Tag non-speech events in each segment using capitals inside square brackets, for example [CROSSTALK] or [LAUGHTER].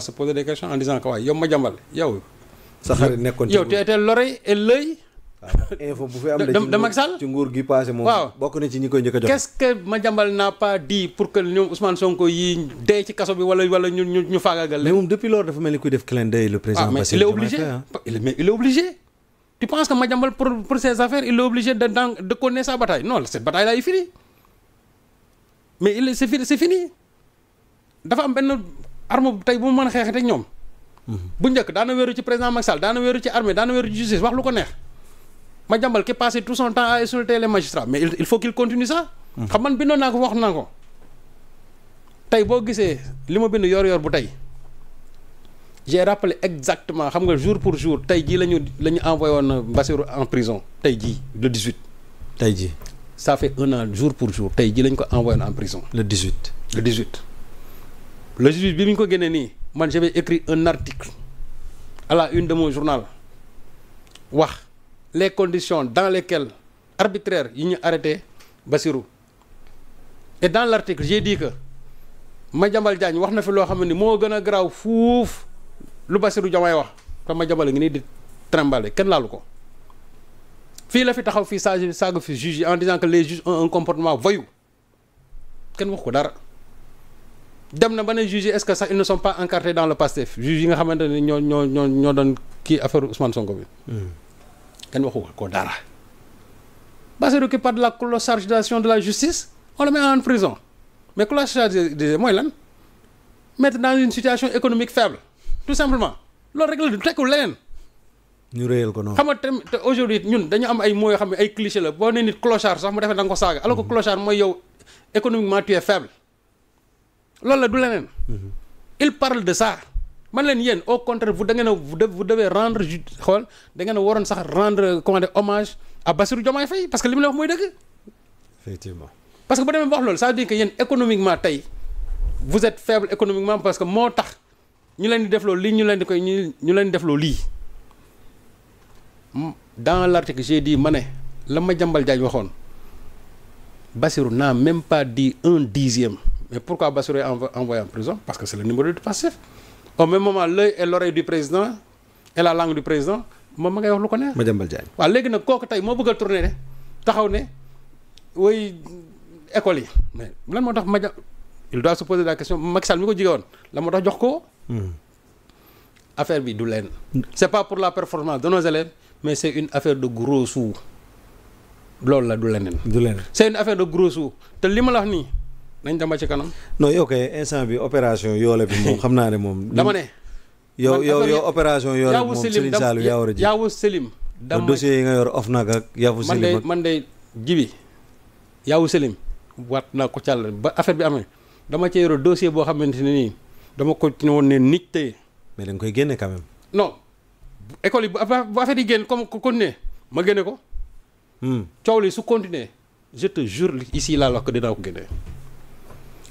se poser des questions en disant que waaye yow ma jàmbal yow. sa xarit nekkoon ah, bu fi am de de Macky Sall ci nguur gi passé moom waaw bokk na ci ñi koy njëkk a jox qu'est-ce que Madiambal n'a pas dit pour que ñoom Ousmane Sonko yi dee ci kaso bi wala wala ñu ñu ñu faagaagal mais moom depuis lors dafa mel ni kuy def clin d'œil le président ah, mais il est obligé il est obligé tu penses que Madiambal pour pour ses affaires il est obligé de de connaître sa bataille non cette bataille là est mais il c'est fini c'est bu tey bu mu mën a xeexee ak ñoom. bu njëkk daana wéeru ci président Macky Sall daana wéeru ci armée daana wéeru ci justice wax lu ko neex ma jàmbal ki passé tout son temps à insulter les magistrats mais il faut qu'il continue ça. Hmm. xam man bindoon ko tey boo gisee li ma bind yor-yor bu tey j'ai rappelé exactement xam nga jour pour jour tey jii la ñu la ñu woon Bassirou en prison tey jii le 18. tey jii ça fait un an jour pour jour tey jii la ñu ko envoyé woon en prison. le 18 le 18. le juge bi ñu ko génnee nii man j'avais écrit un article à une de mon journal wax les conditions dans lesquelles arbitraires yi ñu arrêté Bassirou et dans l'article j'ai dit que Madiambal Diagne wax na fi loo xam ne moo gën a garaaw fuuf lu Bassirou Diomaye wax ma Madiambal ngi nii di trembale kenn laalu ko fii la fi taxaw fii saaga saaga fi juge en disant que les juges ont un comportement voyou kenn wax ko dara dem na ba ne juge est-ce que sax ils ne sont pas encartés dans le Pastef juge yi nga xamante ne ñoo ñoo ñoo ñoo doon kii affaire Ousmane Sonko bi. Hmm. kenn waxu ko dara. Bassirou qui parle de la clochardisation de la justice on le met en prison mais clochardisation mooy lan mettre dans une situation économique faible tout simplement loolu rek la du tekkul leneen. ñu réyal xam nga tamit te aujourd'hui ñun dañu am ay mots yoo xam ne ay cliché la boo ne nit clochard sax mu defee da nga ko saaga alors hmm. mooy yow économiquement tu es loolu la du leneen. Mhm. il parle de ça. man leen yéen au contraire vous da ngeen a vous devez rendre ju xool da a waroon sax rendre comment dire hommage à Bassirou Diomaye Faye parce que li mu la wax mooy dëgg. parce que bu demee ba wax loolu ça veut dire que yéen économiquement tey vous êtes faible économiquement parce que moo tax ñu leen di def loolu lii ñu leen di koy ñu ñu leen di def loolu lii. dans ma ne la ma jàmbal jaaj waxoon Bassirou naa même pas dit un dixième. Mais pourquoi Bassirou est envoyé en prison Parce que c'est le numéro du passif. Au même moment l'œil et l'oreille du président et la langue du président moom ma ngay wax lu ko neex. Madiambal Diagne waaw léegi nag kooku tey moo bëgg a tourner taxaw ne woy école yi mais lan moo tax Madia il doit se poser la question Macky Sall mi ko jige woon la moo tax jox ko. Hmm. affaire bi du leen. c'est pas pour la performance de nos élèves mais c'est une affaire de gros sous loolu la du leneen. du leneen c'est une affaire de gros te li ma la wax nii. nañ dama ci kanam. no yow kay instant bi opération yoole bi moom xam naa ne moom. dama ne. yow yow yow opération yoole bi moom Serigne Saliou yaa war a ji yaawu Selim. dama dossier yi nga yor of nag ak yaawu Selim man day jibi Selim waat naa ko càll ba affaire bi amee dama cee yore dossier boo xamante ne nii dama ko ci ne nit tey. mais da nga koy génne quand no école yi bu affaire yi génn comme kon ne ma génne ko. Hmm. coow li su continuer je te jure ici laa la ko dinaa ko génne.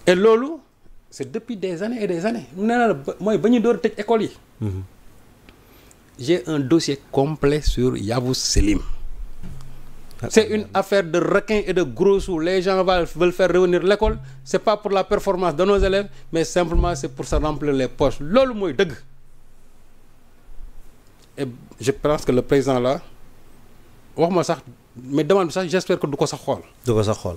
et loolu c' depuis des années et des années mooy ba ñu door tëj école yi. Mhm. j'ai un dossier complet sur Yavuz Selim. c'est une affaire de requin et de gros sous les gens veulent faire revenir l'école c'est pas pour la performance de nos élèves mais simplement c'est pour se remplir les poches loolu mooy dëgg et je pense que le président la wax ma sax mais demande sax j'espère que du ko sax xool du ko sax xool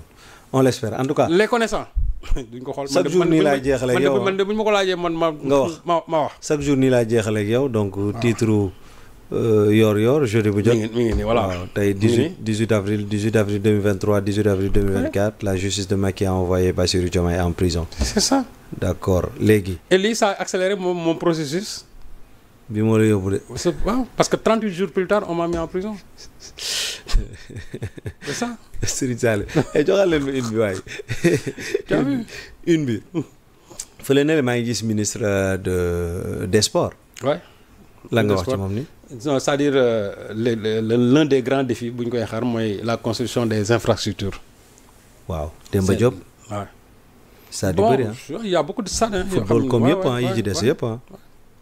on l'espère en tout cas les connaissants [LAUGHS] duñ ko xool chaque jour nii laa jeexaleeg yow man de buñ ma ko laajee man ma. nga wax ma ma wax. chaque jour nii laa jeexaleeg yow donc. titre euh, yoor yoor jeudi bu jot. mi ngi mi ngi nii voilà waaw tey 18 18 avril 18 avril 2023 18 avril 2024 la justice de Macky a envoyé Bassirou Diomaye en prison. c'est ça. d'accord léegi. et lii ça a accéléré mon mon processus. bi moo la yóbbu de. waaw parce que 38 jours plus tard on m'a mis en prison. c'est ça. [LAUGHS] Serigne eh, joxal leen ma une bi waaye. [LAUGHS] une bi fële ne la maa ngi gis ministre euh, de euh, des sports. la nga wax ci moom nii. non euh, le à dire l'un des grands défis bu ñu koy xar mooy la construction des infrastructures. waaw Demba Diop. waaw. ça di bëri ah. football comme yëpp ah yi ci des yëpp ah.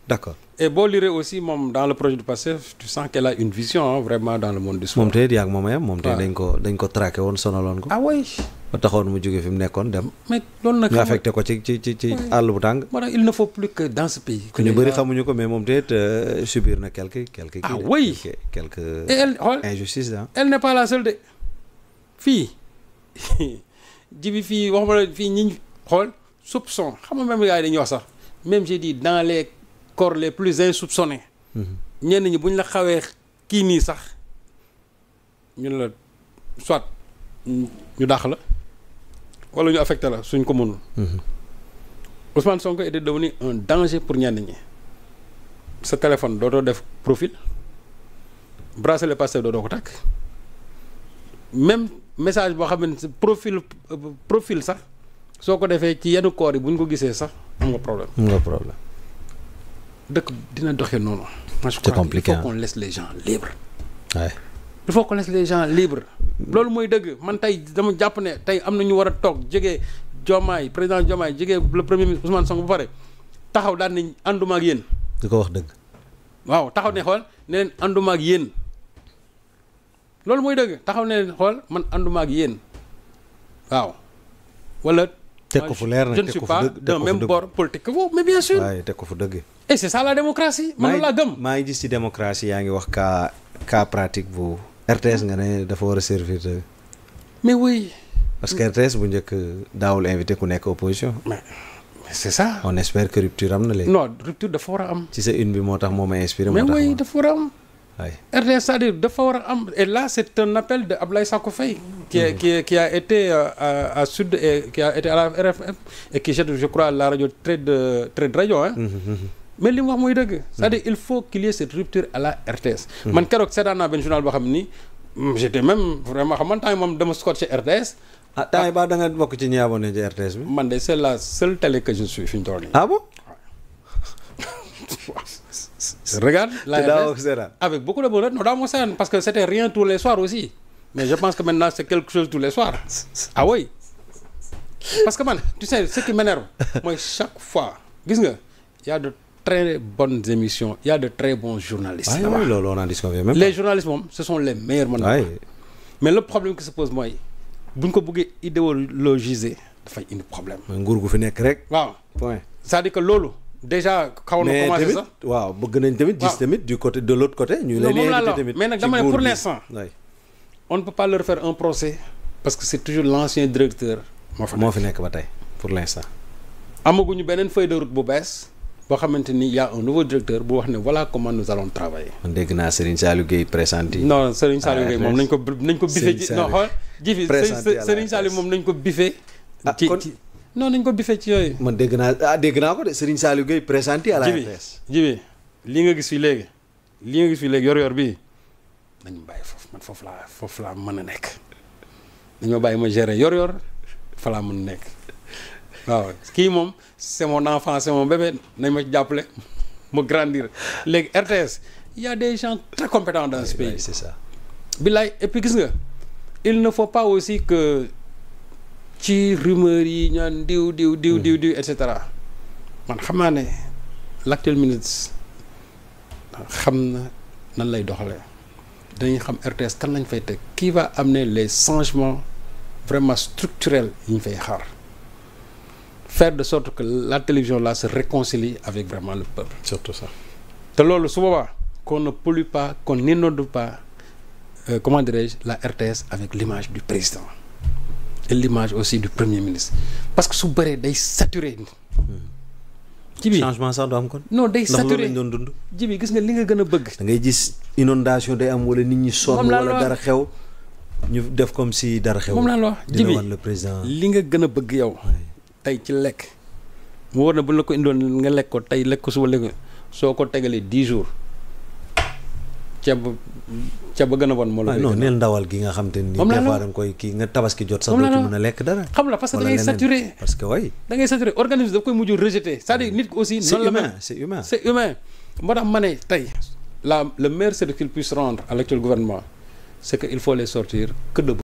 d'accord e boo liree aussi moom dans le projet du PASTEF tu sens qu'elle a une vision hein, vraiment dans le monde du yaa ngi moom yam moom tey dañ ko dañ ko traqué woon sonaloon ko. ah oui. ba taxoon mu jógee fi mu nekkoon dem. mais loolu nag. ñu affecté ko ci ci ci àll bu tàng. moo tax il ne faut plus que dans ce pays. que ñu bëri xamuñu ko mais moom tey euh, subir na quelque quelque. ah oui quelque quelque injustice ah. elle n'est pas la seule de fii [LAUGHS] ji bi fii waxuma la fii ñi xool soupçon xam nga même gars yi dañuy wax sax même j'ai dit dans corps les plus insoupçonnés. ñenn ñi ñu la xawee kii nii sax ñu la soit ñu dàq la wala ñu affecté la suñ ko mënul. Ousmane Sonko était devenu un danger pour ñenn ñi sa téléphone dootoo def profil bracelet Pastef doo ko takk même message boo xam ne profil profil sax soo ko defee ci yenn corps yi bu ñu ko gisee sax am nga problème. am nga problème. dëkk dina doxee noonu. c'est compliqué il faut qu'on laisse les gens libres. waaw il faut qu'on laisse les gens loolu mooy dëgg man tey dama jàpp ne tey am na ñu war a toog jege jomaay président Diomaye jege le premier ministre Ousmane Sonko ba pare taxaw daal nañ ànduma ak yéen. di ko wax dëgg. waaw taxaw ne xool ne leen ànduma ak yéen loolu mooy dëgg taxaw ne leen xool man ànduma ak yéen waaw wala. teg ko fu leer nag je ne suis pas d'un même bord politique mais bien sûr. waaye ko fu dëgg. et eh, c'est ça la démocratie. man laa gëm maa ngi gis ci démocratie yaa ngi wax cas cas pratique bu RTS nga ne dafa war a servir de. mais oui. parce que RTS bu njëkk daawul invité ku nekk opposition. mais c'est ça. on espère que rupture am na léegi. non rupture dafa war a am. ci sa une bi moo tax moo ma inspiré. moo tax mais oui dafa war a am. RTS cest à dafa war a am et là c'est un appel de Ablaye Sakho Faye. qui mhm. a euh, qui a été à Sud et a été à la RFM et qui jette je crois la rajo Trade Trade rajo mais li mu wax muy dëgg hmm. c'est-à-dire il faut qu'il y ait rupture à la RTS hmm. man keroog seetaan naa benn journal boo xam ni hmm, j'étais même vraiment xam man temps yi moom dama scotché RTS ah temps yi baa da nga bokk ci ñi abonné ci RTS bi man de c'est la seule que je suis fi ñu toll nii ah bon [LAUGHS] regarde la RTS avec beaucoup de bonheur non daa moo seetaan parce que c'était rien tous les soirs aussi mais je pense que maintenant c'est quelque chose tous les soirs [LAUGHS] ah oui parce que man tu sais ce qui m'énerve [LAUGHS] mooy fois gis nga très bonnes émissions il y de très bons journalistes. waaw ah oui, oui, loolu on en discute même. les journalistes moom ce sont les meilleurs mën na mais le problème qui se pose mooy bu ñu ko bëggee idéologiser dafay indi problème. nguur gu fi nekk rek. waaw point cest dire que loolu. déjà kaw na commencé sax waaw bëgg nañ tamit gis tamit du côté de l'autre côté. ñu lay léegi tamit mais nag dama ne pour l'instant. on ne peut pas leur faire un procès. parce que c'est toujours l'ancien directeur. moo fa nekk moo fi nekk ba tey pour l'instant. amaguñu beneen feuille de bu bees. koo xamante ni y' a un nouveau directeur bu wax ne voilà comment nous allons dégg naa ah, moom nañ ko nañ ko bife ah, ci non xool jifi Serigne Saliou moom nañ ko bife ci ci non nañ ko bife ci yooyu. man dégg naa ah dégg naa ko de Serigne Saliou Guèye présenter à la RTS. jibi li nga gis fi léegi li nga gis fi léegi yor-yor bii nañu bàyyi foofu man foofu laa foofu laa mën a nekk nañu ma bàyyi ma gérer yor-yor fa laa mën a nekk. waaw ah kii moom c'est mon enfant c'est mon bébé nañ ma jàppale mu grandir léegi RTS il y a des gens très compétents dans ce pays c'est ça billaay et gis nga il ne faut pas aussi que ci rumeurs yi ñaan diw diw diw diw mm. diw et cetera man xam naa ne l'actuel ministre xam na nan lay doxale dañuy xam RTS kan lañ fay teg qui va ne les changement vraiment structurels yi ñu fay xaar faire de sorte que la télévision la se réconcilie avec vraiment le peuple. surtout ça. te loolu su boobaa qu'on ne pollue pas qu'on n'inonde pas euh, comment dirais la RTS avec l'image du président et l'image aussi du premier ministre parce que su bëree day saturé. ci hmm. changement sax du am kon. non day saturé doon dund. ji gis nga li nga gën a bëgg. da ngay gis inondation day am wala nit ñi sonn. wala dara xew. ñu def comme si dara xew. moom la wax le président. li nga gën a bëgg yow. tey ci lekk mu wóor na bu la ko indoon nga lekk ko tey lekk ko suba lekk soo ko tegalee dix jours ceeb ceeb ba gën a bon moo la ah, non neel ndawal gi nga xam te ni des fois da nga koy kii nga tabaski jot sax doo na mën a lekk dara xam la parce que da ngay parce que way da ngay saturé organisme daf koy mujj rejeté c'est-à-dire ah. nit ki aussi noonu la mel c'est humain c'est humain moo tax ma ne tey la le meilleur de qu'il puisse rendre à l'actuel gouvernement c'est que il faut les sortir